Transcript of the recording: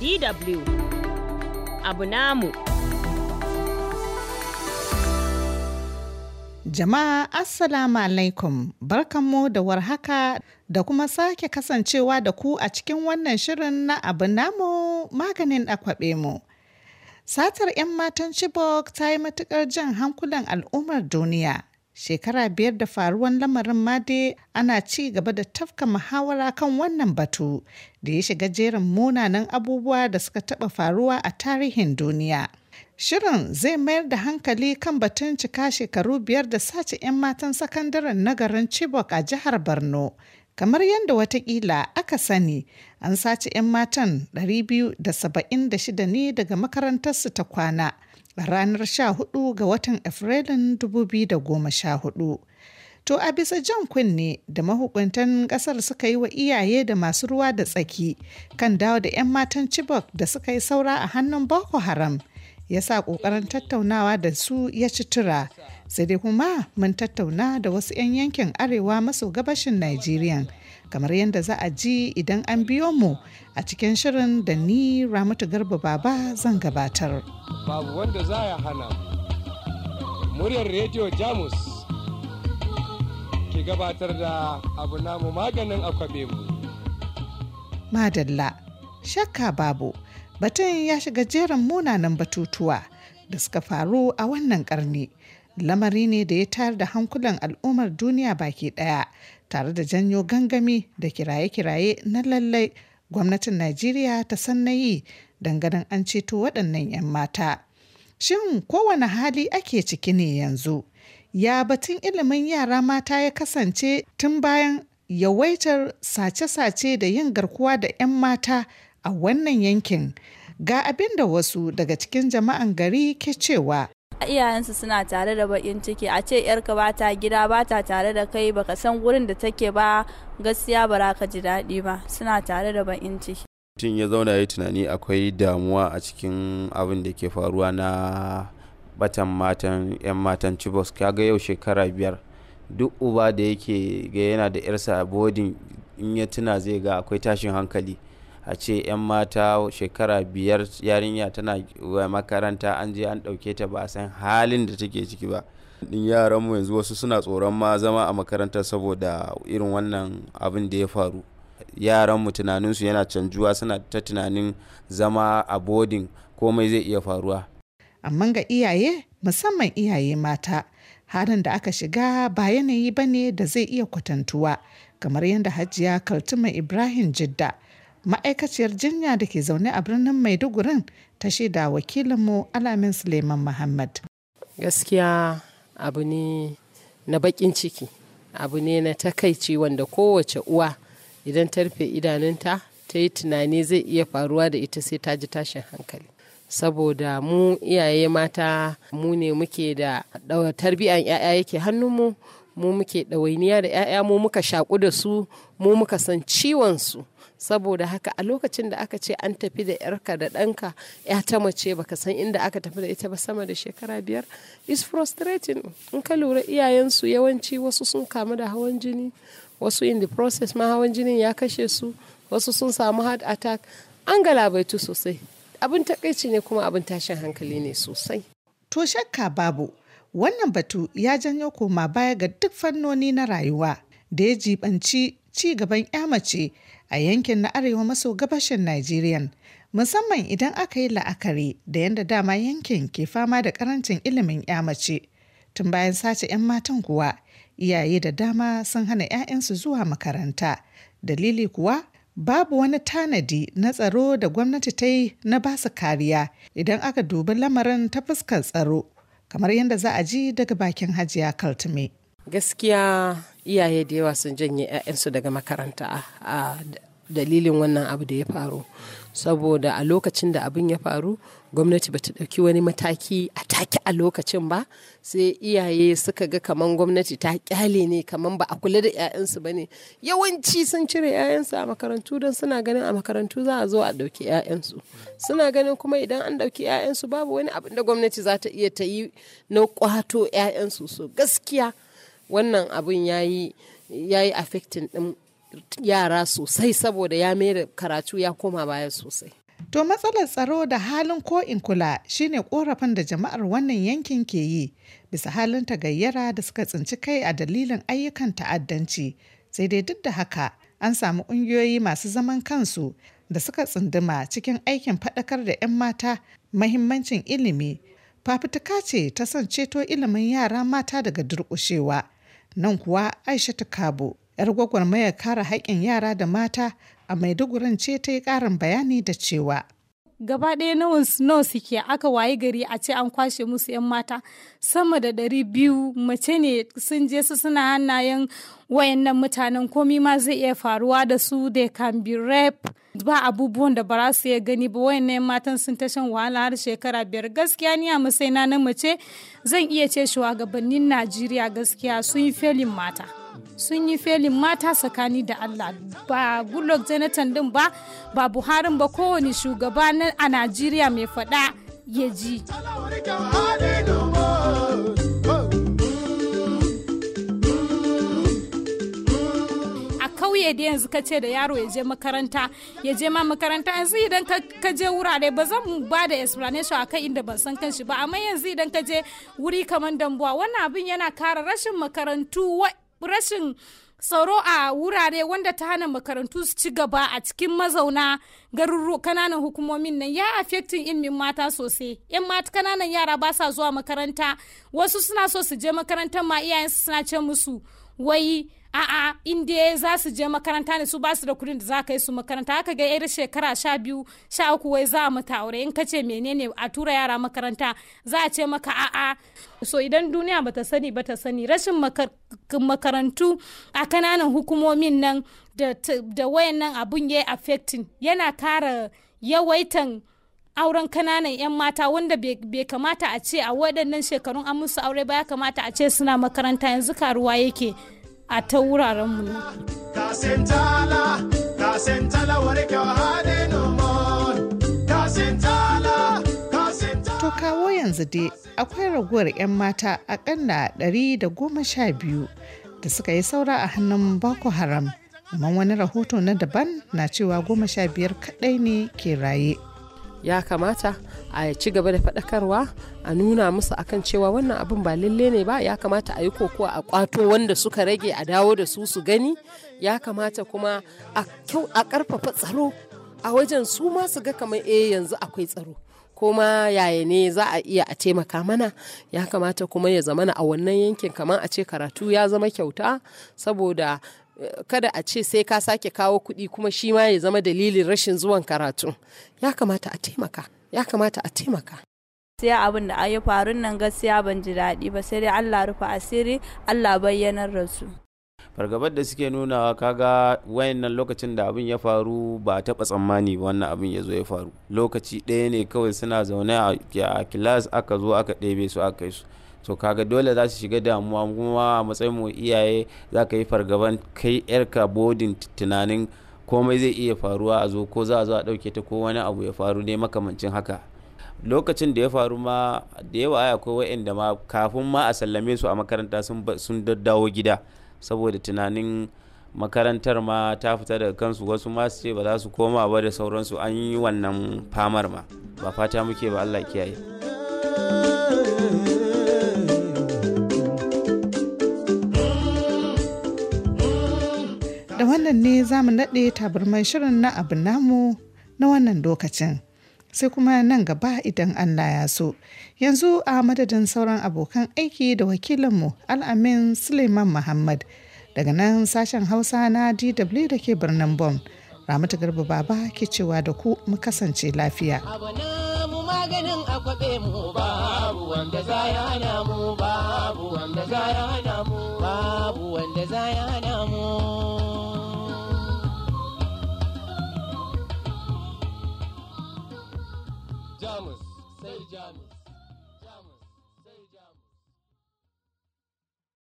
DW abu namu. Jama'a Assalamu alaikum barkanmu da warhaka da kuma sake kasancewa da ku a cikin wannan shirin na abu namu maganin akwabe mu. Satar 'yan matan Chibok ta yi matuƙar jan hankulan al'ummar duniya. Shekara biyar da faruwan lamarin ma ana ci gaba da tafka muhawara kan wannan batu da ya shiga jerin munanan abubuwa da suka taɓa faruwa a tarihin duniya. Shirin zai mayar da hankali kan batun cika shekaru biyar da sace 'yan matan sakandaren na garin Chibok a jihar Borno. Kamar yadda watakila aka sani, an sace 'yan matan 276 ne daga makarantarsu ta kwana a ranar 14 ga watan Afrilun 2014. To a bisa jan kunne da mahukuntan kasar suka yi wa iyaye da masu ruwa da tsaki kan dawo da 'yan matan Chibok da suka yi saura a hannun Boko Haram ya sa ƙoƙarin tattaunawa da su ya ci tura sai dai kuma mun tattauna da wasu 'yan yankin arewa maso gabashin nigeria kamar yadda za a ji idan an biyo mu a cikin shirin da ni Ramatu Garba Baba zan gabatar. Babu wanda za ya hana muryar rediyo Jamus ki gabatar da abu namu maganin akwabe mu. Madalla, shakka babu, batun ya shiga jerin munanan batutuwa da suka faru a wannan karni. lamari ne da ya tayar da hankulan al'ummar duniya baki daya tare da janyo gangami da kiraye-kiraye na lallai gwamnatin najeriya ta san na yi dangadan an ceto waɗannan 'yan mata shin kowane hali ake ciki ne yanzu ya batun ilimin yara mata ya kasance tun bayan yawaitar sace-sace da yin garkuwa da 'yan mata a wannan yankin ga abin da wasu daga cikin jama'an gari ke cewa iyayensu suna tare da bakin ciki a ce yarka ba ta gida ba ta tare da kai baka san wurin da take ba gaskiya ba ka ji daɗi ba suna tare da bakin ciki mutum ya zauna ya tunani akwai damuwa a cikin abin da ke faruwa na batan matan yan matan chibos kaga yau shekara biyar duk uba da yake ga yana da yarsa bodin in ya tuna zai ga akwai tashin hankali a ce 'yan mata shekara biyar yarinya tana makaranta an je an ɗauke ta ba a san halin da take ciki ba din yaranmu yanzu wasu suna tsoron ma zama a makaranta saboda irin wannan abin da ya faru yaran mu tunaninsu yana canjuwa suna ta tunanin zama a bodin komai zai iya faruwa amma ga iyaye musamman iyaye mata halin da aka shiga ba yanayi ba ne da zai iya kwatantuwa kamar yadda hajiya kaltuma ibrahim jidda ma'aikaciyar jinya da ke zaune a birnin maidugurin ta shaida wakilinmu alamin suleiman muhammad gaskiya abu ne na bakin ciki abu ne na takaici wanda kowace uwa idan ta rufe idanunta ta yi tunani zai iya faruwa da ita sai ta ji tashin hankali saboda mu iyaye mata mu ne muke da tarbiyyar 'ya'ya yake hannunmu mu muke ɗawainiya da 'ya'ya mu muka shaƙu da su mu muka san ciwon su saboda haka a lokacin da aka ce an tafi da 'yarka da ɗanka 'ya ta mace baka san inda aka tafi da ita ba sama da shekara biyar is frustrating in ka lura iyayensu yawanci wasu sun kamu da hawan jini wasu in the process ma hawan jinin ya kashe su wasu sun samu heart attack an galabaitu sosai abin takaici ne kuma abin tashin hankali ne sosai to shakka babu Wannan batu ya janyo koma baya ga duk fannoni na rayuwa da ya jibanci ci gaban 'ya mace a yankin na arewa maso gabashin Najeriya. musamman idan aka yi la'akari da yadda dama yankin ke fama da karancin ilimin ya mace tun bayan sace 'yan matan kuwa iyaye da dama sun hana 'ya'yansu zuwa makaranta dalili kuwa babu wani tanadi na tsaro da gwamnati ta yi na basu kariya idan aka dubi lamarin ta fuskar tsaro kamar yadda za a ji daga bakin hajiya kaltume gaskiya iyaye da yawa sun janye 'ya'yansu daga makaranta a dalilin wannan abu da ya faru saboda a lokacin da abin ya faru gwamnati bata ɗauki wani mataki a take a lokacin ba sai iyaye suka ga kaman gwamnati ta kyale ne kaman ba a kula da 'ya'yansu ba ne yawanci sun cire 'ya'yansu a makarantu don suna ganin a makarantu za a zo a ɗauki 'ya'yansu suna ganin kuma idan an ɗauki 'ya'yansu babu wani abin da gwamnati za ta iya ta yi na kwato 'ya'yansu su gaskiya wannan abin ya yi affecting ɗin yara sosai saboda ya mere karatu ya koma baya sosai. To matsalar tsaro da halin ko in kula shine korafin da jama'ar wannan yankin ke yi bisa halin tagayyara da suka tsinci kai a dalilin ayyukan ta'addanci. Sai dai duk da haka an samu ƙungiyoyi masu zaman kansu da suka tsunduma cikin aikin faɗakar da 'yan mata mahimmancin ilimi. Fafutuka ce ta son ceto ilimin yara mata daga durƙushewa. Nan kuwa Aisha Kabo 'yar gwagwarmayar kara haƙƙin yara da mata a maidugurin ce ta yi ƙarin bayani da cewa gaba ɗaya nawa nawa suke aka waye gari a ce an kwashe musu 'yan mata sama da ɗari biyu mace ne sun je su suna hannayen wayannan mutanen komi ma zai iya faruwa da su they can be rap. ba abubuwan da bara su iya gani ba wayannan matan sun ta shan wahala har shekara biyar gaskiya ni a masai na mace zan iya ce shugabannin najeriya gaskiya sun yi felin mata. sun yi felin mata tsakani da Allah ba Goodluck Jonathan din ba ba Buhari ba kowane shugaba a Najeriya mai fada ya ji. kauye da yanzu ka ce da yaro ya je makaranta ya je ma makaranta yanzu idan ka je wurare ba zan ba da explanation akan inda ban san kanshi ba amma yanzu idan ka je wuri kamar dambuwa wannan abin yana kara rashin makarantu rashin tsaro a wurare wanda ta hana makarantu su ci gaba a cikin mazauna garuru kananan hukumomin nan ya affecting ilmin mata sosai yan mata kananan yara ba sa zuwa makaranta wasu suna so su je makarantar ma iyayensu suna ce musu wai a'a in dai za su je makaranta ne su ba su da kudin da za ka yi su makaranta haka ga yar shekara sha biyu sha uku wai za mu ta aure in ka ce menene a tura yara makaranta za a ce maka a'a so idan duniya bata sani bata sani rashin makarantu a kananan hukumomin nan da wayan nan abun ya affecting yana kara yawaitan auren kananan 'yan mata wanda bai kamata a ce a waɗannan shekarun an musu aure ba ya kamata a ce suna makaranta yanzu karuwa yake a ta wuraren mu To kawo yanzu dai akwai raguwar 'yan mata a ɗari da goma sha biyu da suka yi saura a hannun Boko Haram. amma wani rahoto na daban na cewa goma sha biyar kaɗai ne ke raye ya kamata a ci gaba da faɗakarwa a nuna musu akan cewa wannan abin ba lalle ne ba ya kamata a yi kokowa a kwato wanda suka rage a dawo da su su gani ya kamata kuma a kyau ƙarfafa tsaro a wajen su ma su ga kamar eh yanzu akwai tsaro kuma yaya ne za a iya a taimaka mana ya kamata kuma ya zamana a wannan yankin kamar a ce karatu ya zama kyauta saboda kada a ce sai ka sake kawo kuɗi kuma shi ma ya zama dalilin rashin zuwan karatu ya kamata a taimaka ya kamata a taimaka sai abin da ya faru nan gaskiya ban ji daɗi ba sai dai Allah rufe asiri Allah bayyanar rasu. fargabar da suke nunawa kaga wayannan lokacin da abin ya faru ba a taɓa tsammani ba wannan abin ya zo ya faru lokaci ɗaya ne kawai suna zaune a kilas aka zo aka ɗebe su aka kai su to kaga dole za su shiga damuwa kuma a matsayin mu iyaye za ka yi fargaban kai yarka bodin tunanin komai zai iya faruwa a zo ko za a zo a ɗauke ta ko wani abu ya faru ne makamancin haka lokacin da ya faru ma da yawa ai akwai wa'anda ma kafin ma a sallame su a makaranta sun daddawo gida saboda tunanin makarantar ma ta fita daga kansu wasu ma su ce ba za su koma ba da sauransu an yi wannan famar ma ba fata muke ba Allah kiyaye. nan ne za mu naɗe tabarmar shirin na abu namu na wannan lokacin. Sai kuma nan gaba idan Allah ya so. Yanzu a madadin sauran abokan aiki da wakilinmu Al'amin Suleiman Muhammad daga nan sashen Hausa na DW da ke birnin bom Ramatu Garba Baba ke cewa da ku mu kasance lafiya. babu wanda za ya mu